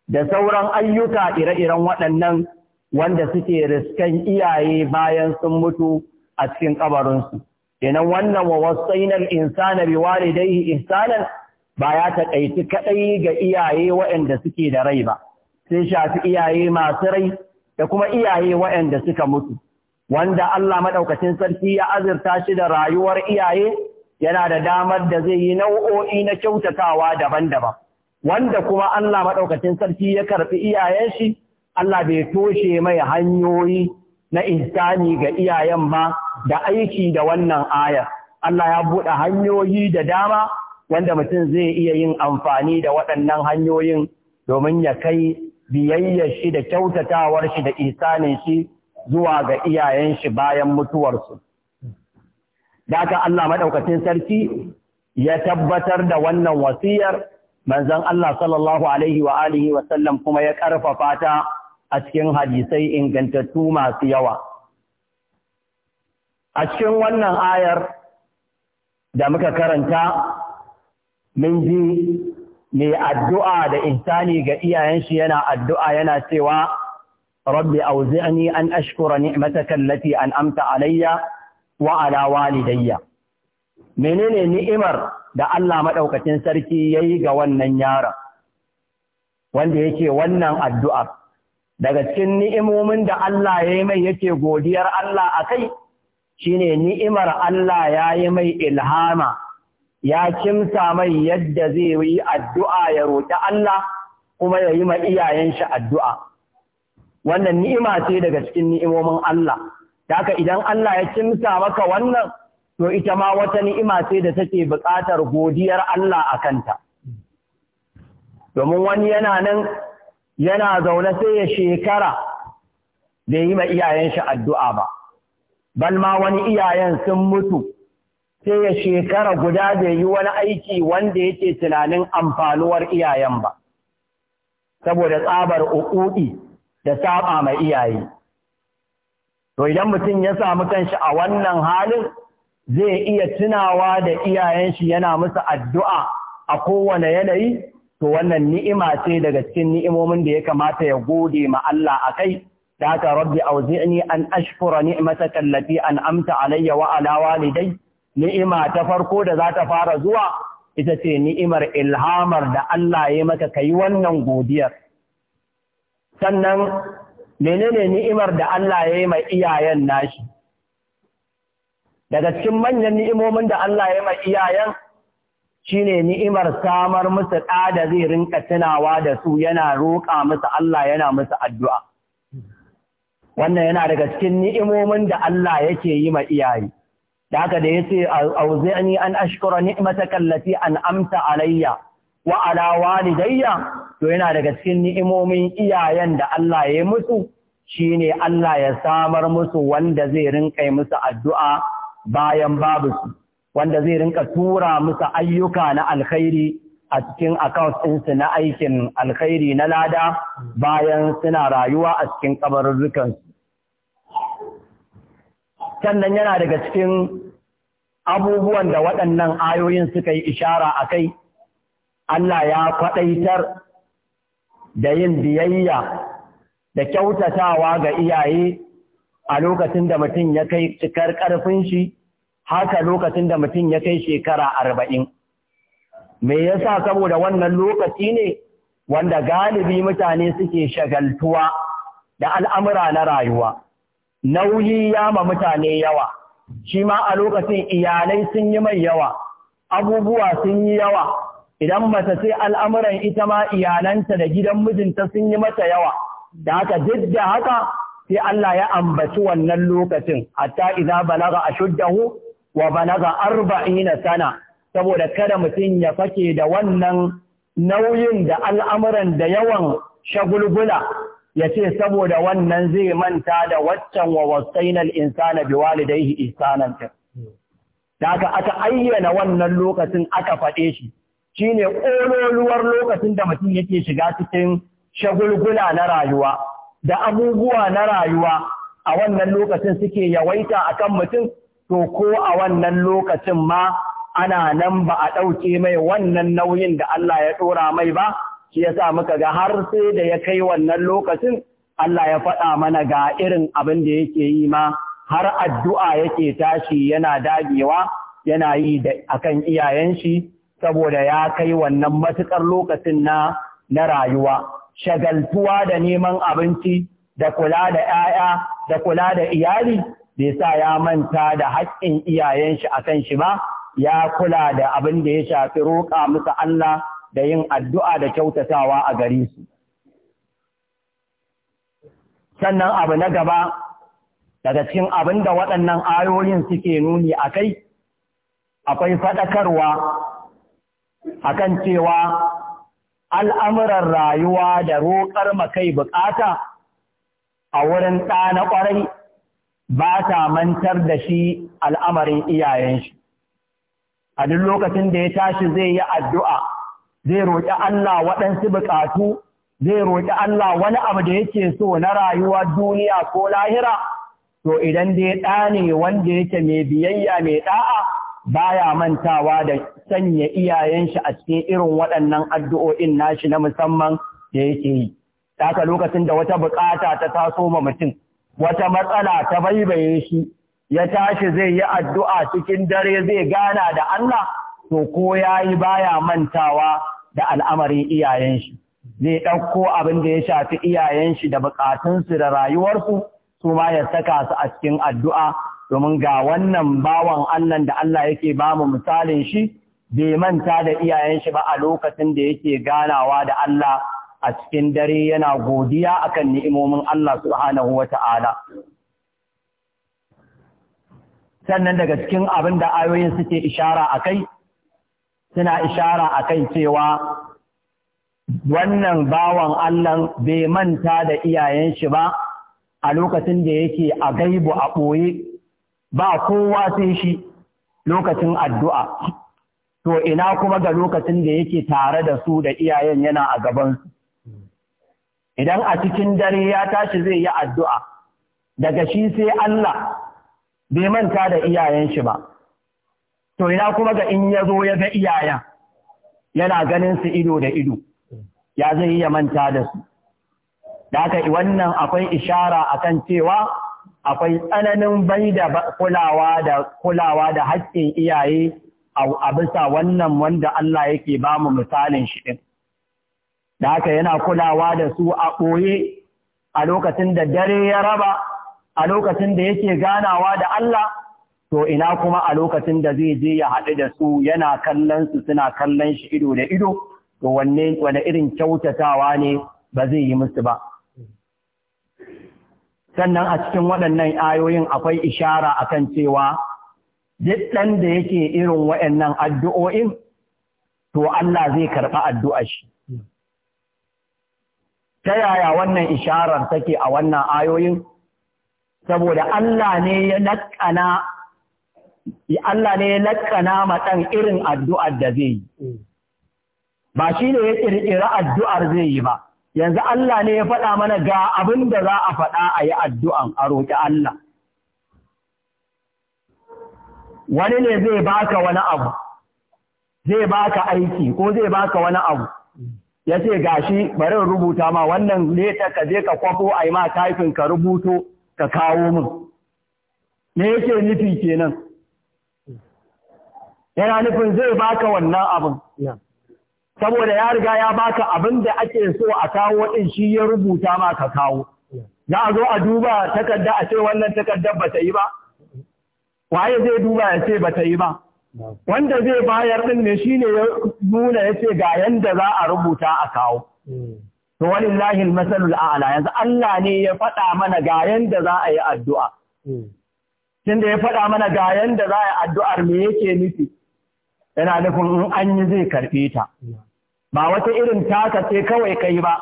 da sauran ayyuka ire-iren waɗannan wanda suke riskan iyaye bayan sun mutu a cikin ƙabarinsu. Kenan wannan wa wasu insana bi walidaihi ihsanan ba ya taƙaici kaɗai ga iyaye waɗanda suke da rai ba, sai shafi iyaye masu rai da kuma iyaye waɗanda suka mutu, wanda Allah maɗaukacin sarki ya azurta shi da rayuwar iyaye yana da damar da zai yi nau'o'i na kyautatawa daban-daban, wanda kuma Allah maɗaukacin sarki ya karɓi iyayen shi, Allah bai toshe mai hanyoyi na ihsani ga iyayen ma da aiki da wannan ayar. Allah ya buɗe hanyoyi da dama wanda mutum zai iya yin amfani da waɗannan hanyoyin domin ya kai biyayyar shi da kyautatawar shi da isanin shi zuwa ga iyayen shi bayan mutuwarsu. Daka Allah maɗaukacin sarki ya tabbatar da wannan wasiyar manzon Allah sallallahu Alaihi wa alihi wasallam kuma ya ƙarfafa ta a cikin hadisai ingantattu masu yawa. A cikin wannan ayar da muka karanta mun ji mai addu'a da insani ga iyayen shi yana addu'a yana cewa rabbi auzi'ni an ashkura ni'mataka allati an'amta alayya wa ala walidayya menene ni'imar da Allah madaukakin sarki yayi ga wannan yaron wanda yake wannan addu'ar daga cikin ni'imomin da Allah ya yi mai yake godiyar Allah a kai, shi ne ni'imar Allah ya yi mai ilhama ya kimsa mai yadda zai yi addu'a ya roƙi Allah kuma ya yi ma iyayen addu'a wannan ni'ima ce daga cikin ni'imomin Allah haka idan Allah ya kimsa maka wannan to ita ma wata ni'ima ce da take buƙatar godiyar Allah a kanta domin wani yana nan yana zaune sai ya shekara bai yi ma iyayen shi addu'a ba bal ma wani iyayen sun mutu sai ya shekara guda bai yi wani aiki wanda yake tunanin amfanuwar iyayen ba, saboda tsabar uƙuɗi da saba mai iyaye. To idan mutum ya samu kanshi a wannan halin zai iya tunawa da iyayen shi yana musu addu'a a kowane yanayi, to wannan ni'ima ce daga cikin ni'imomin da ya kamata ya gode ma Allah a kai. Da rabbi auzi'ni an ashkura ni'mataka allati an'amta alayya wa ala walidai ni'ima ta farko da za ta fara zuwa ita ce ni'imar ilhamar da Allah ya maka ka yi wannan godiyar. Sannan menene ni'imar da Allah ya yi mai iyayen nashi. Daga cikin manyan ni'imomin da Allah ya yi mai iyayen shi ne ni'imar samar musu ɗa da zai rinka tunawa da su yana roƙa musu Allah yana musu addu'a. Wannan yana daga cikin ni'imomin da Allah yake yi ma iyaye. da haka da yace auzi'ni an ashkura ni'mataka allati an'amta alayya wa ala walidayya to yana daga cikin ni'imomin iyayen da Allah ya musu shine Allah ya samar musu wanda zai rinka musu addu'a bayan babu su wanda zai rinka tura musu ayyuka na alkhairi a cikin account ɗinsu na aikin alkhairi na lada bayan suna rayuwa a cikin kabarurrukansu sannan yana daga cikin abubuwan da waɗannan ayoyin suka yi ishara a kai, Allah ya kwaɗaitar da yin biyayya da kyautatawa ga iyaye a lokacin da mutum ya kai cikar ƙarfin shi, haka lokacin da mutum ya kai shekara arba'in. Me ya sa saboda wannan lokaci ne wanda galibi mutane suke shagaltuwa da al'amura na rayuwa. nauyi ya ma mutane yawa shi ma a lokacin iyalai sun yi mai yawa abubuwa sun yi yawa idan mace sai al'amuran ita ma iyalanta da gidan mijinta sun yi mata yawa da haka duk da haka sai Allah ya ambaci wannan lokacin hatta idza balaga shuddahu wa balaga arba'ina sana saboda kada mutum ya fake da wannan nauyin da al'amuran da yawan shagulgula ya ce saboda wannan zai manta da waccan wa wasainal insana bi walidaihi ihsanan ta daga aka ayyana wannan lokacin aka faɗe shi shine ƙololuwar lokacin da mutum yake shiga cikin shagulgula na rayuwa da abubuwa na rayuwa a wannan lokacin suke yawaita akan mutum to ko a wannan lokacin ma ana nan ba a ɗauke mai wannan nauyin da Allah ya ɗora mai ba shi yasa muka ga har sai da ya kai wannan lokacin Allah ya faɗa mana ga irin abin da yake yi ma har addu'a yake tashi yana dagewa yana yi da akan iyayen shi saboda ya kai wannan matuƙar lokacin na na rayuwa shagaltuwa da neman abinci da kula da ‘ya'ya da kula da iyali da sa ya manta da haƙƙin iyayen shi akan shi ba ya kula da abin da ya shafi roƙa musu Allah da yin addu'a da kyautatawa a gari su. Sannan abu na gaba daga cikin abin da waɗannan ayoyin suke nuni a kai, akwai faɗakarwa a kan cewa al'amuran rayuwa da roƙar makai buƙata a wurin ɗana ƙwarai ba ta mantar da shi al'amarin iyayen shi. A duk lokacin da ya tashi zai yi addu'a zai roƙi Allah waɗansu buƙatu zai roƙi Allah wani abu da yake so na rayuwa duniya ko lahira to idan dai ɗa ne wanda yake mai biyayya mai ɗa'a baya mantawa da sanya iyayen shi a cikin irin waɗannan addu'o'in nashi na musamman da yake yi haka lokacin da wata buƙata ta taso ma mutum wata matsala ta baibaye shi ya tashi zai yi addu'a cikin dare zai gana da Allah to ko ya yi baya mantawa da al'amarin iyayen shi zai ɗauko abin da ya shafi iyayen shi da buƙatunsu da rayuwarsu su ma ya saka su a cikin addu'a domin ga wannan bawan Allah da Allah yake ba mu misalin shi bai manta da iyayen shi ba a lokacin da yake ganawa da Allah a cikin dare yana godiya akan ni'imomin Allah subhanahu wa ta'ala. Sannan daga cikin abin da ayoyin suke ishara a kai, suna ishara a kai cewa wannan bawan Allah bai manta da iyayen shi ba a lokacin da yake a gaibu a ɓoye ba kowa sai shi lokacin addu'a. To ina kuma ga lokacin da yake tare da su da iyayen yana a gabansu. Idan a cikin dare ya tashi zai yi addu'a, daga shi sai Allah bai manta da iyayen shi ba. to ina kuma ga in ya zo ya ga iyayen yana ganin su ido da ido ya zai iya manta da su da haka wannan akwai ishara akan cewa akwai tsananin bai da kulawa da kulawa da haƙƙin iyaye a bisa wannan wanda Allah yake ba mu misalin shi din da haka yana kulawa da su a ɓoye a lokacin da dare ya raba a lokacin da yake ganawa da Allah to ina kuma a lokacin da zai je ya haɗu da su yana kallon su suna kallon shi ido da ido to wanne wane irin kyautatawa ne ba zai yi musu ba sannan a cikin waɗannan ayoyin akwai ishara akan cewa duk ɗan da yake irin waɗannan addu'o'in to Allah zai karɓi addu'a shi ta yaya wannan isharar take a wannan ayoyin saboda Allah ne ya nakana Allah ne ya lakka nama ɗan irin addu'ar da zai yi. Mm. Ba shi ne ya ƙirƙira addu'ar zai yi ba, yanzu Allah ne ya faɗa mana ga abin da za a faɗa a yi addu'an a roƙi Allah. Wani ne zai baka wani abu, zai baka aiki ko zai baka wani abu, mm. ya ce ga shi bari rubuta ma wannan leta ka je ka kwafo a yi ma taifin ka rubuto ka kawo min. Me yake nufi kenan? yana nufin zai baka wannan abin saboda ya riga ya baka abin da ake so a kawo in shi ya rubuta ma ka kawo za a zo a duba takarda a ce wannan takardar ba ta yi ba waye zai duba ya ce ba ta yi ba wanda zai bayar din ne shi ne ya nuna ya ce ga yanda za a rubuta a kawo mm. to walillahi masalul a'ala yanzu Allah ne ya faɗa mana ga yanda za a yi addu'a mm. tunda ya faɗa mana ga yanda za a yi addu'ar me yake nufi yana nufin in an yi zai karɓe ta ba wata irin taka ce kawai kai ba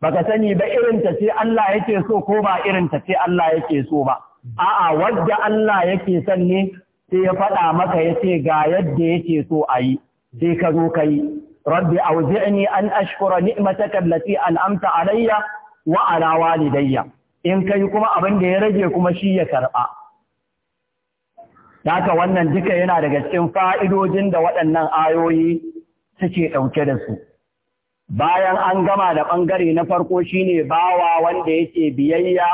baka sani ba irin ta ce Allah yake so ko ba irin ta ce Allah yake so ba a'a wadda Allah yake son ne sai ya faɗa maka ya ce ga yadda yake so a yi sai ka zo ka yi rabbi auzi'ni an ashkura ni'mataka allati an'amta alayya wa ala walidayya in kai kuma abin da ya rage kuma shi ya karɓa Daka wannan duka yana daga cikin fa'idojin da waɗannan ayoyi suke ɗauke da su. Bayan an gama da ɓangare na farko shine bawa wanda yake biyayya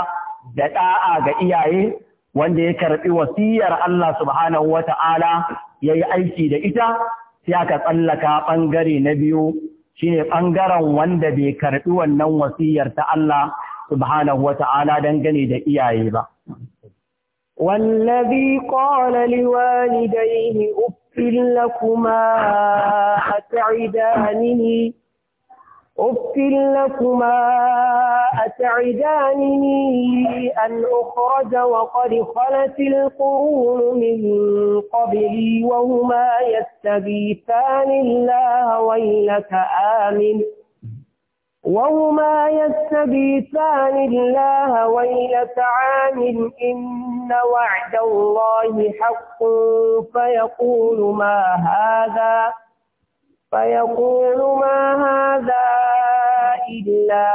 da ɗa'a ga iyaye wanda ya karɓi wasiyar Allah subhanahu wa ta'ala ya yi aiki da ita, sai aka tsallaka ɓangare na biyu shine ɓangaren wanda bai karɓi wannan wasiyar ta Allah subhanahu wa ta'ala don dangane da iyaye ba. والذي قال لوالديه أفل لكما أتعدانني أفل لكما أتعدانني أن أخرج وقد خلت القرون من قبلي وهما يستبيثان الله ويلك آمن وهما يستبيتان الله ويلة عامل إن وعد الله حق فيقول ما هذا فيقول ما هذا إلا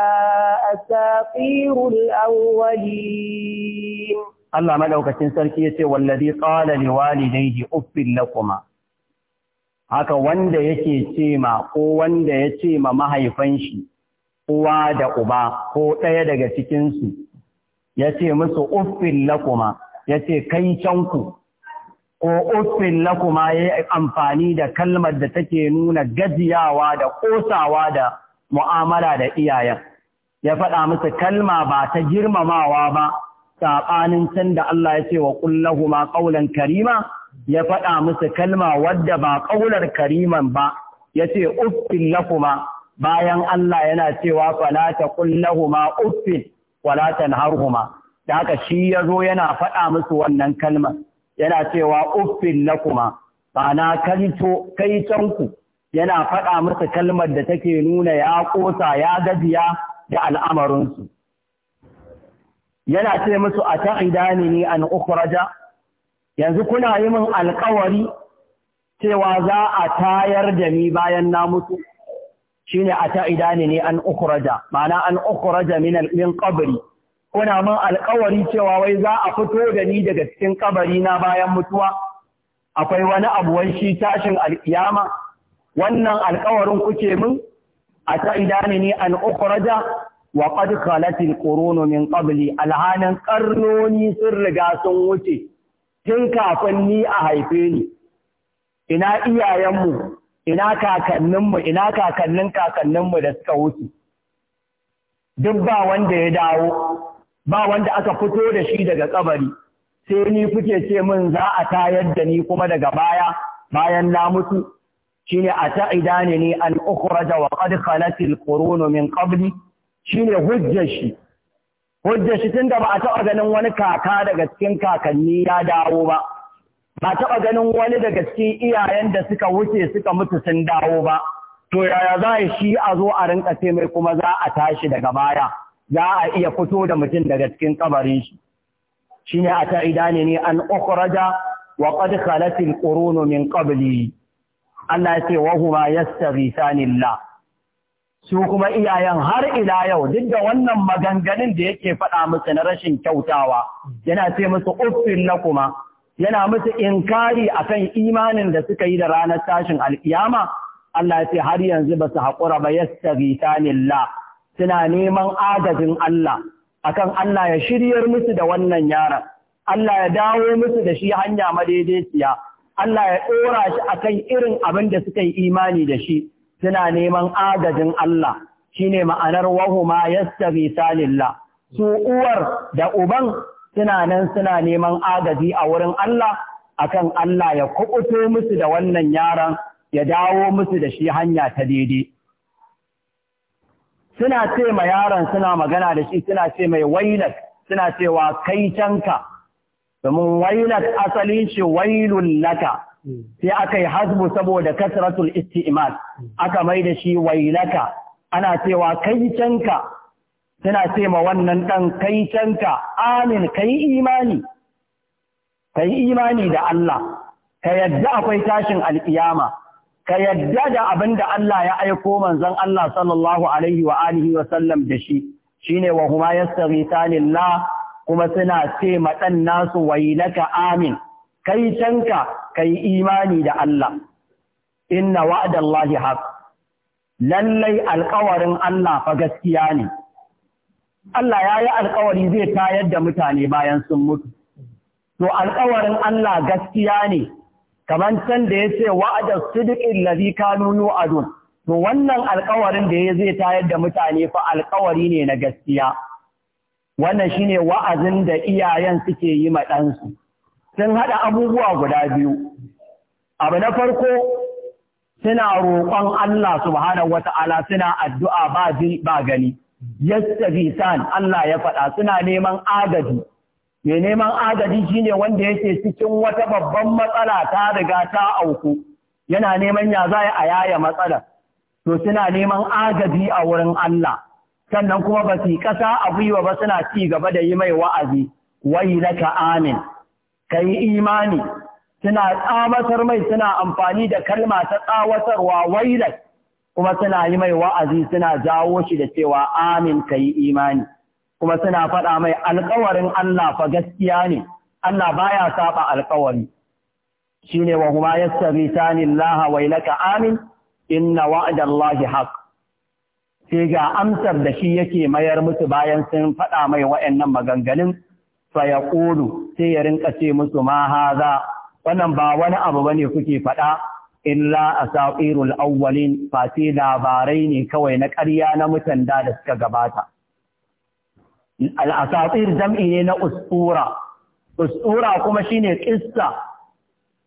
أساطير الأولين الله ملوكة سركية والذي قال لوالديه أف لكما haka wanda yake ce ma ko wanda ya ce ma mahaifanshi uwa da uba ko ɗaya daga cikinsu ya ce musu uffin lakuma ya ce kai canku ko uffin lakuma ya yi amfani da kalmar da take nuna gajiyawa da ƙosawa da mu'amala da iyayen ya faɗa musu kalma ba ta girmamawa ba saɓanin can da Allah ya ce wa ƙullahuma ƙaunar karima ya faɗa musu kalma wadda ba ƙaunar kariman ba ya ce uffin lakuma bayan Allah yana cewa fala taqul lahumu uffin wala huma, da haka shi yazo yana faɗa musu wannan kalmar yana cewa uffin lakuma ma'ana kanto kai canku yana faɗa musu kalmar da take nuna ya ƙosa ya gajiya da al'amarinsu. Yana ce musu a ta'idani ni an ukhraja yanzu kuna yi min alkawari cewa za a tayar da ni bayan na mutu, shine a ta’ida ne an ukuraja, mana an ukuraja min min kuna min alƙawari cewa wai za a fito da ni daga cikin ƙabari na bayan mutuwa akwai wani abuwan shi tashin alƙiyama wannan alƙawarin kuke min A ta’ida ne an ukuraja wa qad khalat ƙorono min ƙabari, alhanan ƙarnoni sun riga sun wuce tun kafin ni a haife ni ina iyayenmu ina kakanninmu ina kakannin kakanninmu da suka wuce duk ba wanda ya dawo ba wanda aka fito da shi daga kabari sai ni kuke ce min za a tayar da ni kuma daga baya bayan na mutu shine a ta'ida ne ni an ukhraja wa qad khalat al min qabli shine hujjar shi hujjar shi tunda ba a taɓa ganin wani kaka daga cikin kakanni ya dawo ba ba taɓa ganin wani daga cikin iyayen da suka wuce suka mutu sun dawo ba to yaya za a shi a zo a rinka ce mai kuma za a tashi daga baya za a iya fito da mutum daga cikin kabarin shi shine a ta'ida ne ne an ukraja wa qad khalat al min qabli Allah ya wa huma yastaghithanillah su kuma iyayen har ila yau duk da wannan maganganun da yake faɗa musu na rashin kyautawa yana ce musu uffin kuma. yana musu inkari akan imanin da suka yi da ranar tashin alkiyama Allah ya ce har yanzu ba su haƙura ba yastaghithanillah suna neman agajin Allah akan Allah ya shiryar musu da wannan yaron Allah ya dawo musu da shi hanya madaidaiciya Allah ya ɗora shi akan irin abin da suka yi imani da shi suna neman agajin Allah shine ma'anar wahuma yastaghithanillah su uwar da uban suna nan suna neman agaji a wurin Allah akan Allah ya kubuto musu da wannan yaran ya dawo musu da shi hanya ta daidai suna ce ma yaron suna magana da shi suna ce mai wailak suna cewa kai canka domin wailak asalin shi wailun laka sai aka yi hasbu saboda kasratul isti'mal aka mai da shi wailaka ana cewa kai canka suna ce ma wannan ɗan kai canka amin ka yi imani imani da Allah ka yadda akwai tashin alƙiyama ka yadda da abin da Allah ya aiko manzon Allah sallallahu alaihi wa alihi wa sallam da shi shine wa huma yastaghithanillah kuma suna ce ma ɗan nasu wailaka amin kai canka kai imani da Allah inna wa'dallahi haqq lallai alƙawarin Allah fa gaskiya ne Allah ya yi alkawari zai tayar da mutane bayan sun mutu. To alkawarin Allah gaskiya ne, kamar can da ya ce wa'adar sidiƙin lazi kanunu adun. To wannan alkawarin da ya zai tayar da mutane fa alkawari ne na gaskiya. Wannan shi ne wa'azin da iyayen suke yi ma ɗansu. Sun haɗa abubuwa guda biyu. Abu na farko suna roƙon Allah subhanahu ta'ala suna addu'a ba gani. yastabitan Allah ya faɗa suna neman agaji mai neman agaji shine wanda yake cikin wata babban matsala ta riga ta auku yana neman ya zai a yaya matsala to suna neman agaji a wurin Allah sannan kuma ba su kasa a ba suna ci gaba da yi mai wa'azi wai amin kai imani suna tsamatar mai suna amfani da kalma ta tsawatarwa wailat kuma suna yi mai wa'azi suna jawo shi da cewa amin ka yi imani kuma suna faɗa mai alkawarin Allah fa gaskiya ne Allah baya saba alkawari ne wa huma laha wai laka amin inna lahi haq. sai ga amsar da shi yake mayar musu bayan sun faɗa mai wa'yannan maganganun fayakulu sai ya rinka ce musu ma wannan ba wani abu ba kuke faɗa illa asatirul awwalin fati labarai ne kawai na ƙarya na mutan da da suka gabata al-asatir jam'i ne na ustura ustura kuma shine qissa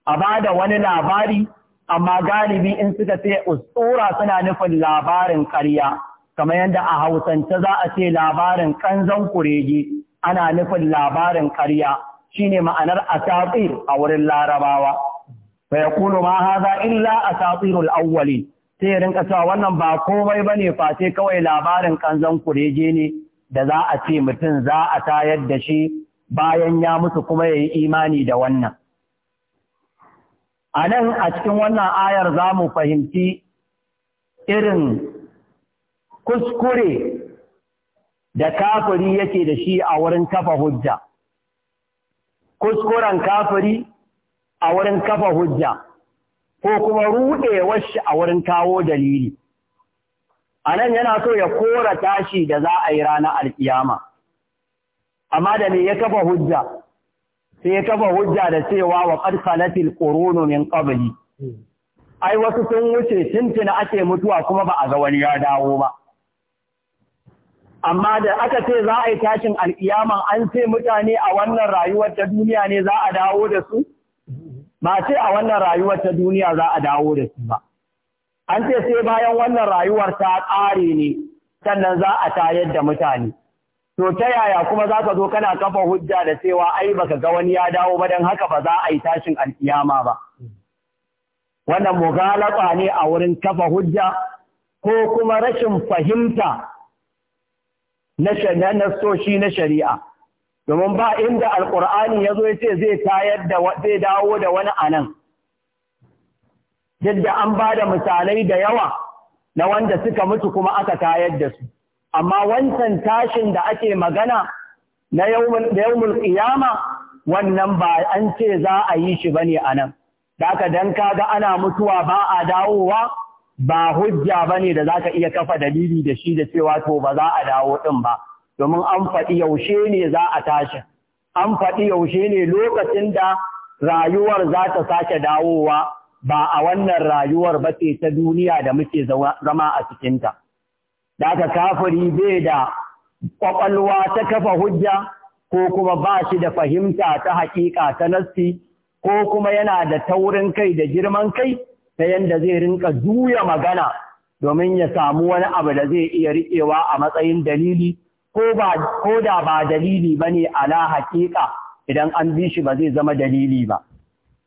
a bada wani labari amma galibi in suka ce ustura suna nufin labarin ƙarya kamar yadda a hausance za a ce labarin kanzon kurege ana nufin labarin ƙarya shine ma'anar asatir a wurin larabawa fa yaqulu ma hadha illa asatirul awwalin sai ya rinka cewa wannan ba komai bane face kawai labarin kanzan kureje ne da za a ce mutum za a tayar da shi bayan ya musu kuma ya yi imani da wannan Anan, a cikin wannan ayar zamu fahimci irin kuskure da kafiri yake da shi a wurin kafa hujja kuskuren kafiri a wurin kafa hujja ko kuma ruɗewar shi a wurin kawo dalili Anan yana so ya kora tashi da za a yi ranar alkiyama amma da me ya kafa hujja sai ya kafa hujja da cewa wa qad khalatil qurunu min qabli ai wasu sun wuce tuntuna ake mutuwa kuma ba a ga wani ya dawo ba amma da aka ce za a yi tashin alkiyama an ce mutane a wannan rayuwar ta duniya ne za a dawo da su ba ce a wannan rayuwar ta duniya za a dawo da su ba an ce sai bayan wannan rayuwar ta ƙare ne sannan za a tayar da mutane to ta yaya kuma za ka zo kana kafa hujja da cewa ai baka ga wani ya dawo ba don haka ba za a yi tashin alkiyama ba wannan mugalaba ne a wurin kafa hujja ko kuma rashin fahimta na na shari'a domin ba inda alkur'ani ya zo ya ce zai tayar da zai dawo da wani anan duk da an ba da misalai da yawa na wanda suka mutu kuma aka tayar da su amma wancan tashin da ake magana na yawmul qiyama wannan ba an ce za a yi shi bane anan da aka dan kaga ana mutuwa ba a dawowa ba hujja bane da zaka iya kafa dalili da shi da cewa to ba za a dawo din ba domin an faɗi yaushe ne za a tashi an faɗi yaushe ne lokacin da rayuwar za ta sake dawowa ba a wannan rayuwar ba ce ta duniya da muke zama a cikinta. Da aka kafiri bai da ƙwaƙwalwa ta kafa hujja ko kuma ba shi da fahimta ta haƙiƙa ta nassi ko kuma yana da taurin kai da girman kai ta yanda zai rinka juya magana domin ya samu wani abu da zai iya riƙewa a matsayin dalili ko da ba dalili ba ne ala haƙiƙa idan an bi shi ba zai zama dalili ba.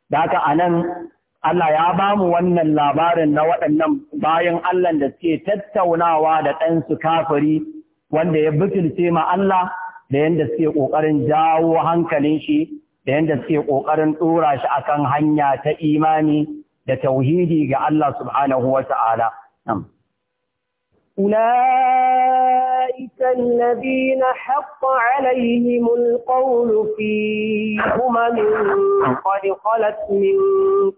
Da anan a nan Allah ya ba mu wannan labarin na waɗannan bayan Allah da suke tattaunawa da ɗansu kafiri wanda ya bukilce ma Allah da yadda suke ƙoƙarin jawo hankalin shi da yadda suke ƙoƙarin ɗora shi akan hanya ta imani da tauhidi ga Allah subhanahu wa ta'ala. أولئك الذين حق عليهم القول في أمم قد خلت من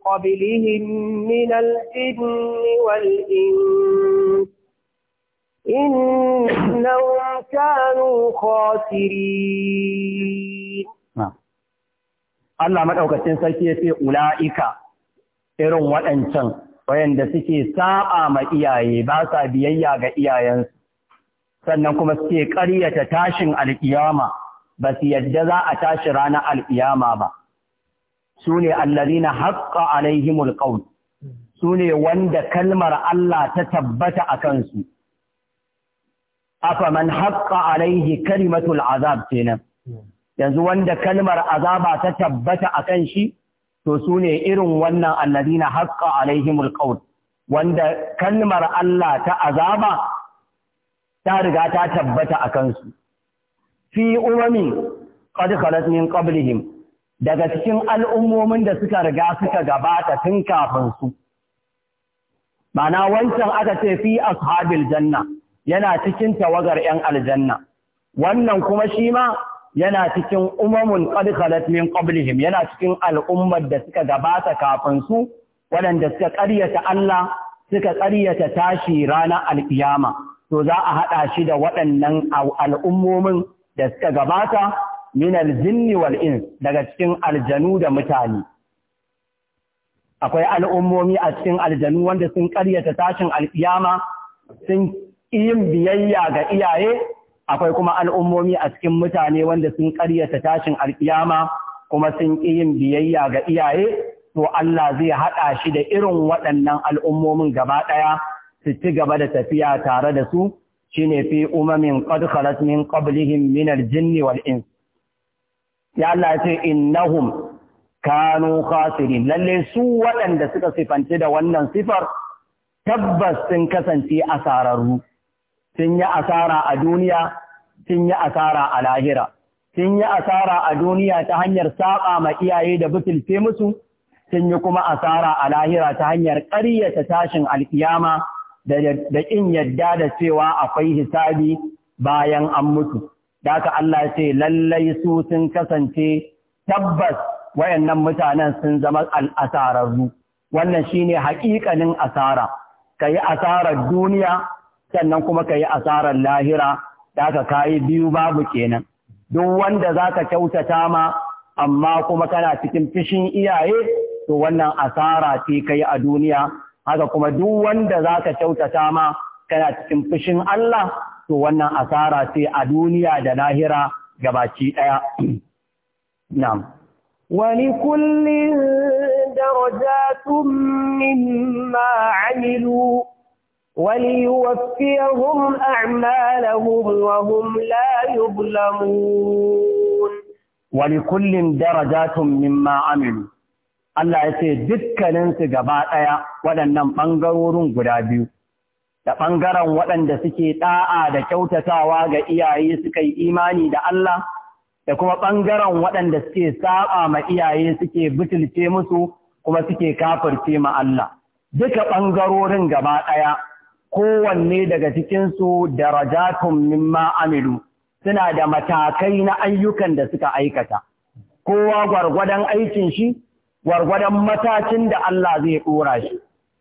قبلهم من الجن والإنس إنهم كانوا خاسرين Allah madaukakin sarki ya ce ula'ika irin waɗancan wayanda suke saba ma iyaye ba sa biyayya ga iyayensu sannan kuma suke ƙaryata tashin alƙiyama ba su yadda za a tashi ranar alƙiyama ba su ne allazina haqqa alaihimul qawl su ne wanda kalmar Allah ta tabbata a kansu afaman haqqa alaihi kalimatul azab kenan hmm. yanzu wanda kalmar azaba ta tabbata akan shi to su ne irin wannan alladina haqqa alaihimul qawl wanda kalmar Allah ta azaba ta riga ta tabbata a kansu fi umami qad khalat min qablihim daga cikin al'ummomin da suka riga suka gabata tun kafin su mana wancan aka ce fi ashabil janna yana cikin tawagar 'yan aljanna wannan kuma shi ma yana cikin umamun qad min qablihim yana cikin al'ummar da suka gabata kafin su waɗanda suka ƙaryata Allah suka ƙaryata tashi ranar alkiyama to za a haɗa shi da waɗannan al'ummomin da suka gabata min alzinni wal ins daga cikin aljanu da mutane akwai al'ummomi a cikin aljanu wanda sun ƙaryata tashin alkiyama sun yin biyayya ga iyaye akwai kuma al'ummomi a cikin mutane wanda sun ƙaryata tashin alƙiyama kuma sun ƙi yin biyayya ga iyaye to Allah zai haɗa shi da irin waɗannan al'ummomin gaba ɗaya su ci gaba da tafiya tare da su shine fi umamin qad khalat min qablihim min al-jinn wal ins ya Allah ce innahum kanu khasirin lalle su waɗanda suka sifanci da wannan sifar tabbas sun kasance asararru sun yi asara a duniya sun yi asara a lahira sun yi asara a duniya ta hanyar saba ma iyaye da butulce musu sun yi kuma asara a lahira ta hanyar ƙaryata tashin alkiyama da ƙin yadda da cewa akwai hisabi bayan an mutu. Da Allah ce lallai su sun kasance tabbas wayannan mutanen sun zama al'asararru. Wannan shi ne haƙiƙanin asara, ka yi asarar duniya sannan kuma ka yi asarar lahira da aka kayi biyu babu kenan duk wanda za ka kyautata ma amma kuma kana cikin fishin iyaye to wannan asara ce kai a duniya haka kuma duk wanda za ka kyautata ma kana cikin fishin Allah to wannan asara ce a duniya da lahira gabaci daya na'am wa likullin darajatun mimma 'amilu وليوفيهم أعمالهم وهم لا يظلمون ولكل درجات مما عملوا Allah ya ce dukkaninsu gaba ɗaya waɗannan ɓangarorin guda biyu, da ɓangaren waɗanda suke ɗa'a da kyautatawa ga iyaye suka yi imani da Allah, da kuma ɓangaren waɗanda suke saɓa ma iyaye suke butulce musu kuma suke kafirce ma Allah. Duka ɓangarorin gaba ɗaya kowanne daga cikinsu darajatun mimma amilu suna da matakai na ayyukan da suka aikata kowa gwargwadon aikin shi gwargwadon matakin da Allah zai ɗora shi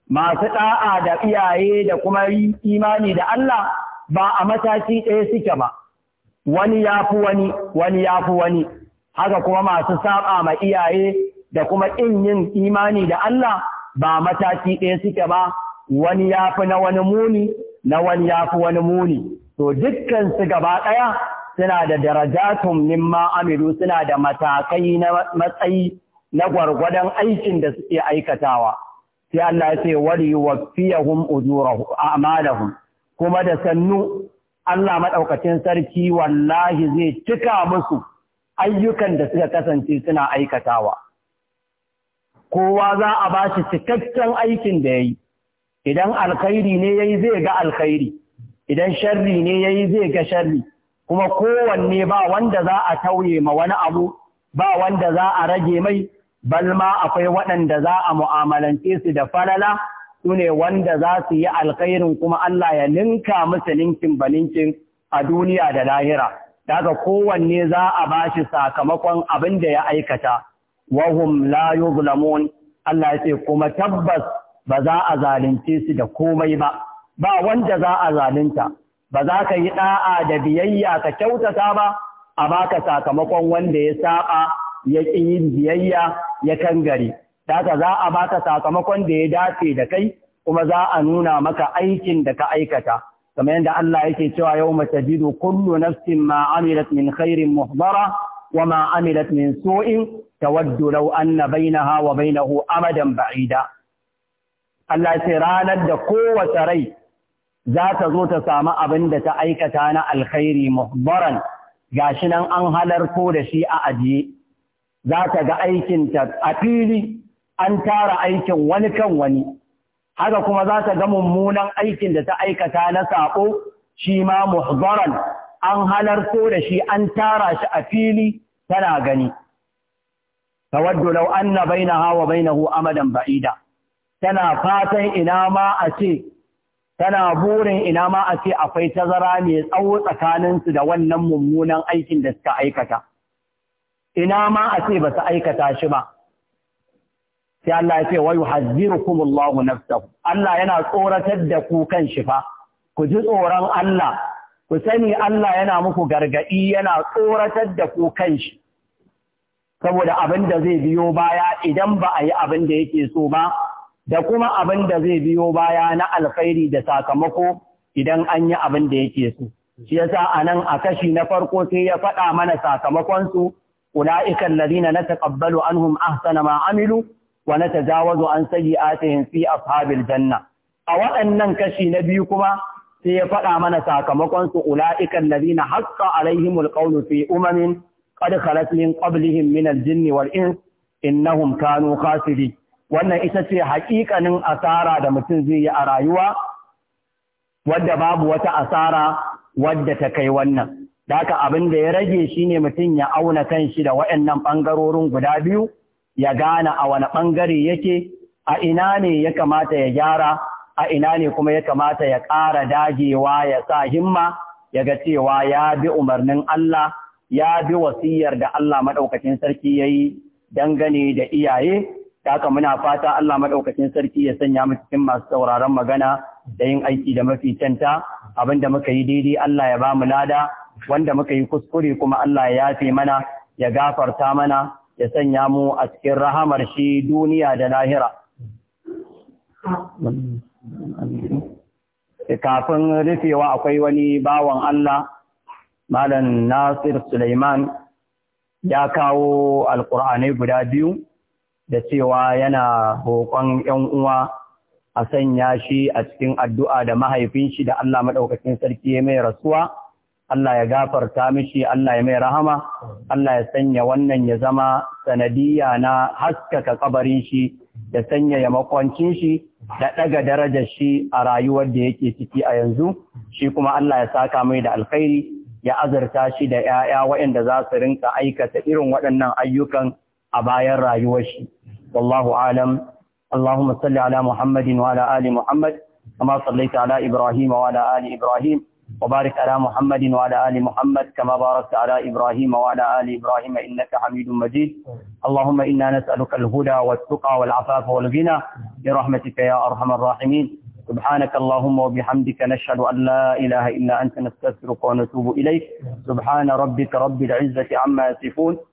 masu ɗa'a da iyaye da kuma imani da Allah ba a mataki ɗaya suke ba wani ya fi wani wani ya fi wani haka kuma masu saba ma iyaye da kuma in yin imani da Allah ba mataki ɗaya suke ba wani ya fi na wani muni na wani ya fi wani muni to dukkan su gaba ɗaya suna da darajatun mimma amiru suna da matakai na matsayi na gwargwadon aikin da suke aikatawa sai Allah ya ce wali waffiyahum ujurahum a'malahum kuma da sannu Allah maɗaukacin sarki wallahi zai cika musu ayyukan da suka kasance suna aikatawa. Kowa za a ba shi cikakken aikin da ya yi, idan alkhairi ne yayi zai ga alkhairi idan sharri ne yayi zai ga sharri kuma kowanne ba wanda za a tauye ma wani abu ba wanda za a rage mai balma akwai waɗanda za a mu'amalance su da falala su ne wanda za su yi alkhairin kuma Allah ya ninka musu ninkin baninkin a duniya da lahira daga kowanne za a bashi sakamakon abin da ya aikata wahum la yuzlamun Allah ya ce kuma tabbas ba za a zalunce su da komai ba ba wanda za a zalunta ba za ka yi ɗa'a da biyayya ka kyautata ba a baka sakamakon wanda ya saba ya ƙi yin biyayya ya kangare haka za a baka sakamakon da ya dace da kai kuma za a nuna maka aikin da ka aikata kamar yadda Allah yake cewa yau mace jidu kullu nafsin ma amilat min khairin muhbara, wa ma amilat min su'in tawaddu law anna bainaha wa bainahu amadan ba'ida Allah ce ranar da kowace rai za ta zo ta samu abin da ta aikata na alkhairi muhbaran gashi nan an halarko da shi a ajiye za ta ga aikinta a fili an tara aikin wani kan wani haka kuma za ta ga mummunan aikin da ta aikata na saƙo shi ma muhbaran an halarto da shi an tara shi a fili tana gani tawaddu law anna bainaha wa bainahu amadan ba'ida tana fatan ina ma a ce tana burin ina ma a ce akwai tazara mai tsawo tsakaninsu da wannan mummunan aikin da suka aikata ina ma a ce ba su aikata shi ba sai Allah ya ce wa yuhazzirukum Allah nafsahu Allah yana tsoratar da ku kan shi fa ku ji tsoron Allah ku sani Allah yana muku gargadi yana tsoratar da ku kan shi saboda abin da zai biyo baya idan ba a yi abin da yake so ba da kuma abin da zai biyo baya na alkhairi da sakamako idan an yi abin da yake so. Shi yasa a nan a kashi na farko sai ya faɗa mana sakamakonsu, ula'ikan ladina na taƙabbalu anhum ahsana ma amilu wa na tajawazu an sayyi'atihim fi ashabil janna. A waɗannan kashi na biyu kuma sai ya faɗa mana sakamakonsu ula'ikan ladina haqqa alaihimul qawlu fi umamin qad khalat min qablihim min al-jinni wal ins innahum kanu khasirin. wannan ita ce haƙiƙanin asara da mutum zai yi a rayuwa wadda babu wata asara wadda ta kai wannan daka abin da ya rage shi ne mutum ya auna kan shi da waɗannan ɓangarorin guda biyu ya gane a wani ɓangare yake a ina ne ya kamata ya gyara a ina ne kuma ya kamata ya ƙara dagewa ya sa himma ya ga cewa ya bi umarnin Allah ya bi wasiyar da Allah maɗaukacin sarki ya yi dangane da iyaye Ta haka muna fata Allah maɗaukacin sarki ya sanya mu cikin masu sauraron magana da yin aiki da mafi canta da muka yi daidai Allah ya ba mu lada wanda muka yi kuskure kuma Allah ya yafe mana ya gafarta mana ya sanya mu a cikin rahamar shi duniya da lahira. Kafin rufewa akwai wani bawan Allah, Malam Nasir Suleiman ya kawo alkur'anai guda biyu. da cewa yana roƙon ‘yan uwa a sanya shi a cikin addu'a da mahaifin shi da Allah maɗaukacin sarki ya mai rasuwa, Allah ya gafarta mishi, Allah ya mai rahama, Allah ya sanya wannan ya zama sanadiyya na haskaka kabarin shi da ya makwancin shi da ɗaga darajar shi a rayuwar da yake ciki a yanzu, shi kuma Allah ya saka mai da alkhairi ya azurta shi da ‘ya'ya waɗanda za su rinka aikata irin waɗannan ayyukan a bayan rayuwar shi. والله أعلم اللهم صل على محمد وعلى آل محمد كما صليت على إبراهيم وعلى آل إبراهيم وبارك على محمد وعلى آل محمد كما باركت على إبراهيم وعلى آل إبراهيم إنك حميد مجيد اللهم إنا نسألك الهدى والتقى والعفاف والغنى برحمتك يا أرحم الراحمين سبحانك اللهم وبحمدك نشهد أن لا إله إلا أنت نستغفرك ونتوب إليك سبحان ربك رب العزة عما يصفون